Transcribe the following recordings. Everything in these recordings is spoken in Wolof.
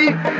yi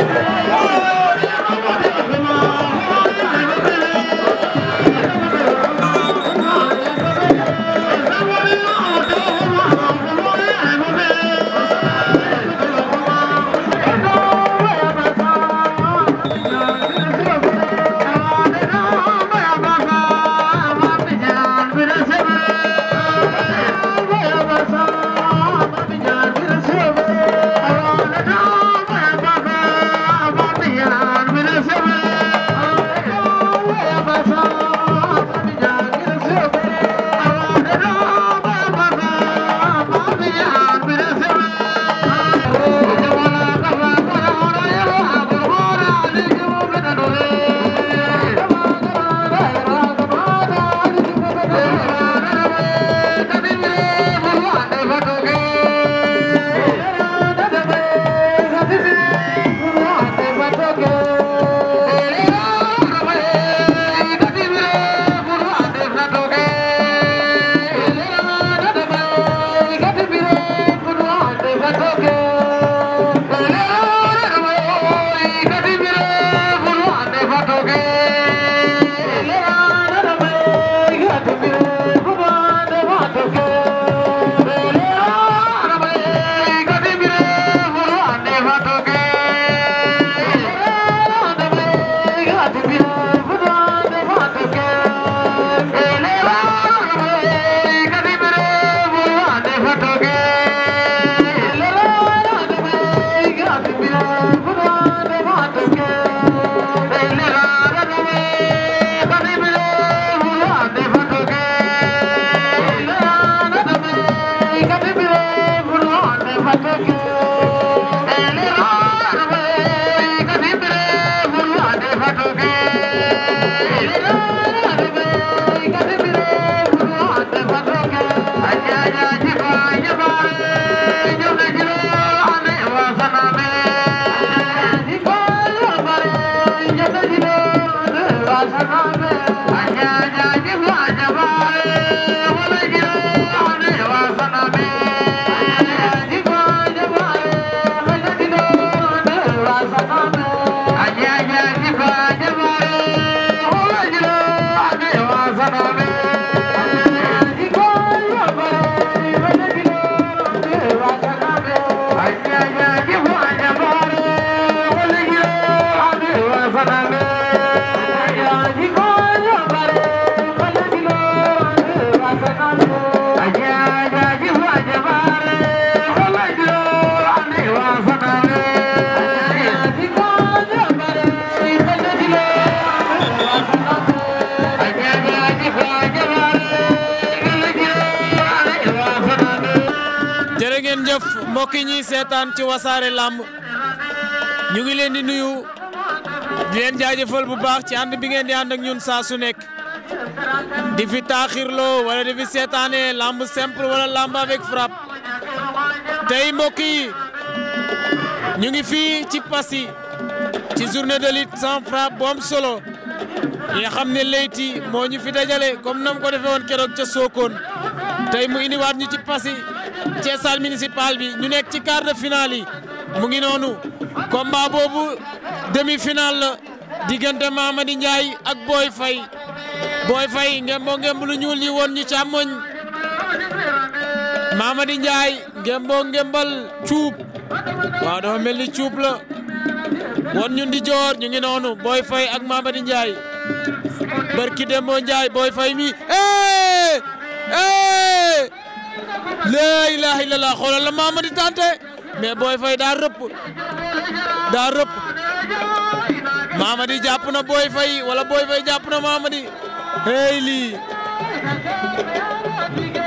mbokk yi ñuy seetaan ci wasaare làmb ñu ngi leen di nuyu di leen jaajëfal bu baax ci ànd bi ngeen di ànd ak ñun saa su nekk di fi taaxirloo wala di fi seetaane làmb simple wala làmb avec frappe tey mbokk yi ñu ngi fii ci Passy ci journée de lutte sans frappe solo yi nga xam ne Leyti moo ñu fi dajale comme nam ko defee keroog ca Sokone tey mu indiwaat ñu ci Passy Thiès salle municipale bi ñu nekk ci quart de yi mu ngi noonu combat boobu demi la diggante Mamady Ndiaye ak Boy Faye Boy Faye ngem boo ngem lu ñuul li woon ñu càmmoñ Mamady Ndiaye ngem ngembal cuub waaw dafa mel cuub la woon ñu di ñu ngi noonu Boy Faye ak Mamady Ndiaye barki Demba Ndiaye Boy Faye mi eh laa ilaaha illallah xoolal la Tante mais booy Faye daa rëpp daa rëpp Mamadi jàpp na Boy Faye wala Boy Faye jàpp na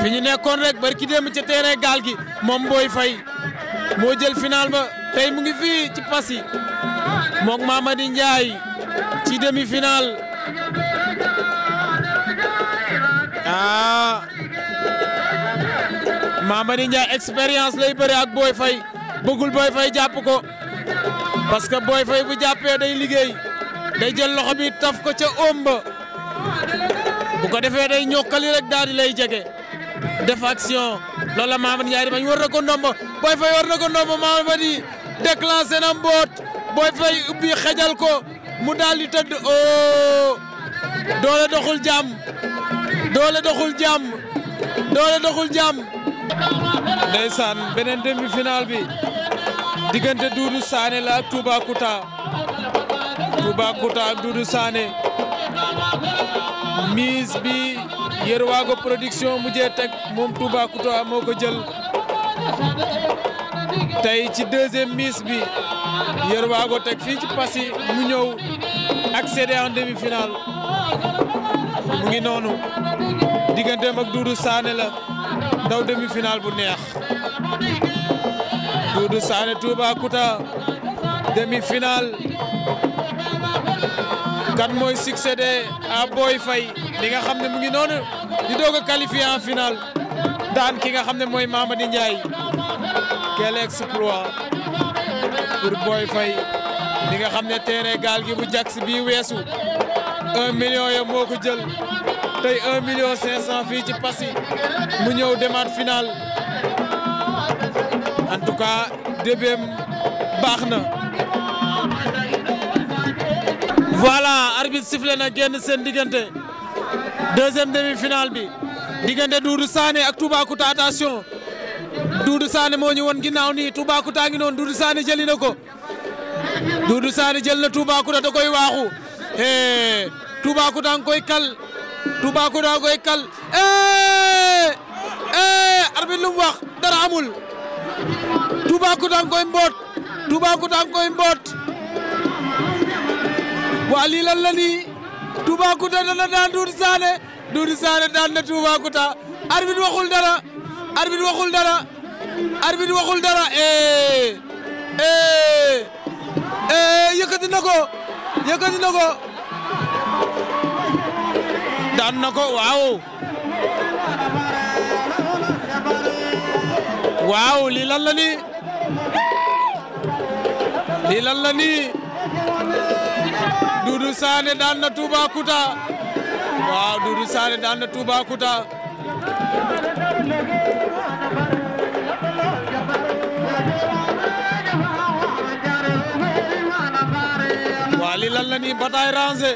fi ñu nekkoon rek bari ki dem ca terrain gaal gi moom Boy Faye moo jël final ba tey mu ngi fii ci Passy mook Mamadi Ndiaye ci demi-finale ah. Mame Mamadou Ndiaye expérience lay bëre ak Boy Faye bëggul Boy Faye jàpp ko parce que Boy Faye bu jàppee day liggéey day jël loxo bi taf ko ca omb bu ko defee day ñokkali rek daal di lay jege def action loolu la Mame war na ko ndombo Boy Faye war na ko ndombo Mame Mamadou déclenché na mboot ubbi xejal ko mu daal di tëdd oo oh! doole doxul jàmm doole doxul jàmm doole doxul jàmm ndeysaan beneen demi bi diggante Doudou Sané la ak Toubacouta Toubacouta ak Doudou Sané mise bi Yerwago production mujjee teg moom Toubacouta moo ko jël tey ci deuxième mise bi Yerwago teg fii ci Passy mu ñëw accéder en demi-finale mu ngi noonu digganteem ak Doudou Sané la. daw demi final bu neex Doudou Sané Toubacouta demi-finale kan mooy succédé à Boy Faye li nga xam ne mu ngi noonu di doog a qualifié daan ki nga xam ne mooy Mamadi Ndiaye quel pour Boy Faye li nga xam ne terrain gaal gi bu jax bii weesu un million ya moo ko jël tey 1 million 500 fii ci Passy mu ñëw demaat final en tout cas débéem baax na. voilà arbitre sifflé na genn seen diggante deuxième demi-finale bi diggante Doudou Sané ak Toubacouta attention Doudou Sané moo ñu woon ginnaaw nii Toubacouta ngi noonu Doudou Sané jëli na ko Doudou Sané jël na Toubacouta koy waaxu Toubacouta nga koy kal. Toubacouta koy kal eh! Eh! arbitre lu mu wax dara amul Toubacouta koy mboot Toubacouta koy mboot waa lii lan la nii Toubacouta dana daan Doudou Sané Doudou Sané daan na Toubacouta arbitre waxul dara arbitre waxul dara arbitre waxul eh! yëkkati na ko yëkkati na ko daan na ko waaw waaw lii lan la nii lii lan la nii Doudou Sané daan na Toubacouta waaw Doudou Sané daan na Toubacouta waaw lii lan la nii bataille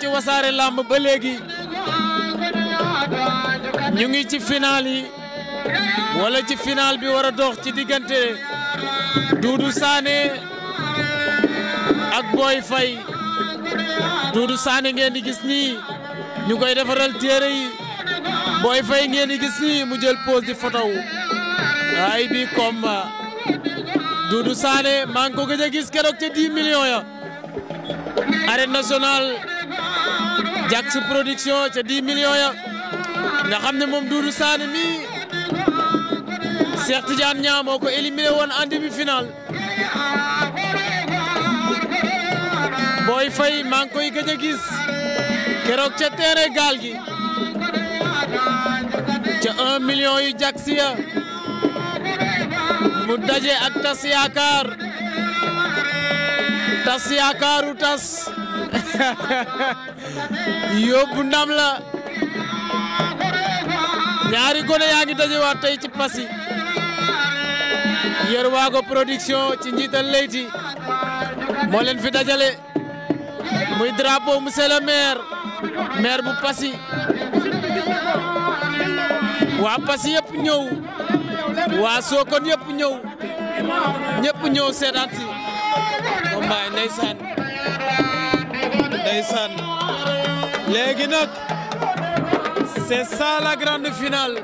ci wasaare làmb ba léegi ñu ngi ci final yi wala ci final bi war a dox ci diggante Doudou Sané ak Boy Faye Doudou Sané ngeen di gis nii ñu koy defaral téere yi Boy Faye ngeen di gis nii mu jël pause di fotow ay bi combat Doudou Sané maa ngi ko gëj a gis keroog ca 10 ya arène nationale Jaks production ca 10 millions ya nga xam ne moom Doudou Sané mi Cheikh Tidiane Niang ko éliminé woon en demi-finale koy gëj a gis keroog ca terrain gaal gi ca 1 yu Jaks ya mu daje ak tas yaakaar tas yaakaaru tas yóbbu ndam la ñaari gone yaa ngi dajewaat tey ci Passy Yër Waago production ci njiital Leyti moo leen fi dajale muy drapeau monsieur le maire maire bu pasi waa Passy yëpp ñëw waa Sokone yëpp ñëw ñëpp ñëw seetaat si moom maay ndeysaan ndeysaan léegi nag c'est ça grande finale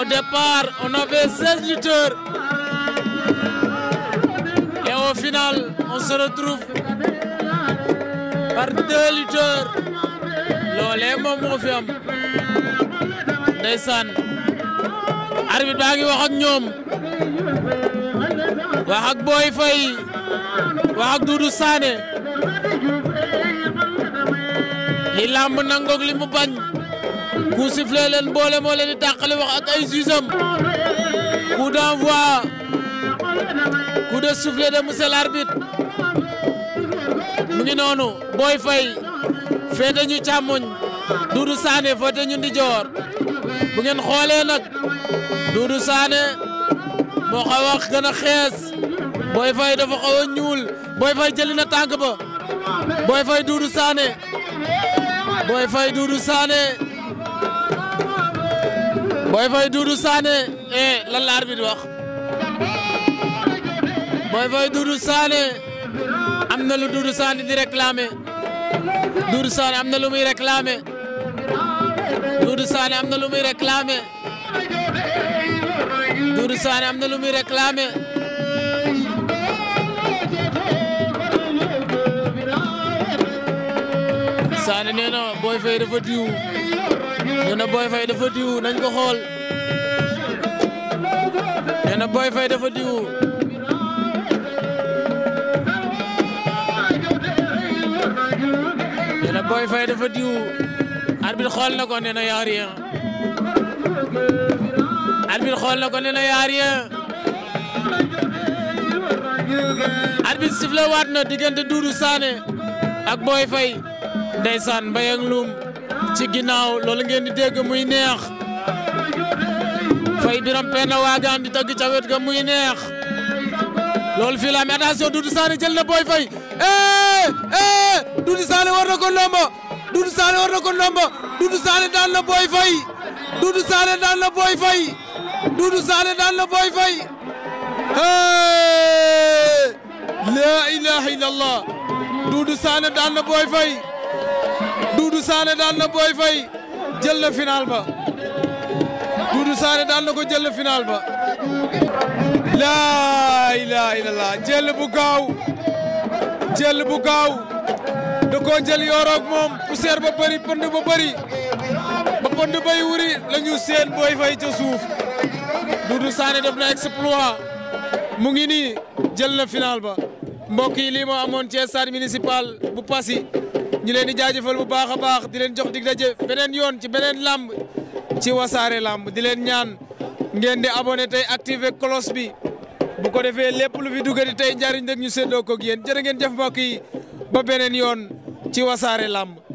au départ on avait 16 lutteurs et au on se retrouve par deux lutteurs loolee moom moo fi am ndeysaan baa ngi wax ñoom wax ak Boy Faye wax ak Doudou Sané li làmb nangoog li mu bañ ku sifflé leen boole moo leen di tàqale wax ak ay jugeam coup d'envoi coup de sifflet de monsieur l'arbitre mu ngi noonu Boy Faye féete ñu càmmoñ Doudou Sané féete ñu ndijoor bu ngeen xoolee nag Doudou Sané moo xaw a gën a xees Boy Faye dafa xaw a ñuul Boy Faye jëli na Boy Faye Doudou am na lu Doudou Sané di réclamer Doudou Sané am na lu muy réclamer Doudou Sané am na lu muy réclamer Modou Sané am na lu muy réclamé Boy Faye dafa diw nañ ko xool nee na Boy Faye dafa diw nee na xool na ko nee na yaa arbitre xool na ko nee na yaa rien arbitre sifflé waat na diggante Doudou Sané ak Boy Faye ndeysaan mbayang luum ci ginnaaw loolu ngeen di dégg muy neex Faye biram penn waagaan di tagg ca wet ga muy neex loolu fii la amee attention Doudou Sané jël na Boy Faye eh eh Doudou Sané war na ko ndombo Doudou Sané war na ko ndombo Doudou Sané daan na Boy Faye Doudou Sané daan na Boy Faye Doudou Sané daan na Boy Faye laa ilaha illallah Doudou Sané daan na Boy Faye Doudou Sané jël na final ba Doudou Sané daan na ko jël na final ba laa ilaha jël bu gaaw jël bu gaaw da koo jël yooroog moom poussière ba bëri pënd ba bëri ba pënd bay wuri la seen Boy Faye ca suuf Doudou Sané def na exploit mu ngi nii jël na final ba mbokk yi lii moo amoon ci stade municipal bu Passy ñu leen di jaajëfal bu baax a baax di leen jox dig daje beneen yoon ci beneen làmb ci wasaare làmb di leen ñaan ngeen di abonné tey activer cloche bi bu ko defee lépp lu fi duggati tey njariñ rek ñu séddoo ko ak yéen jërë ngeen jëf mbokk yi ba beneen yoon ci wasaare làmb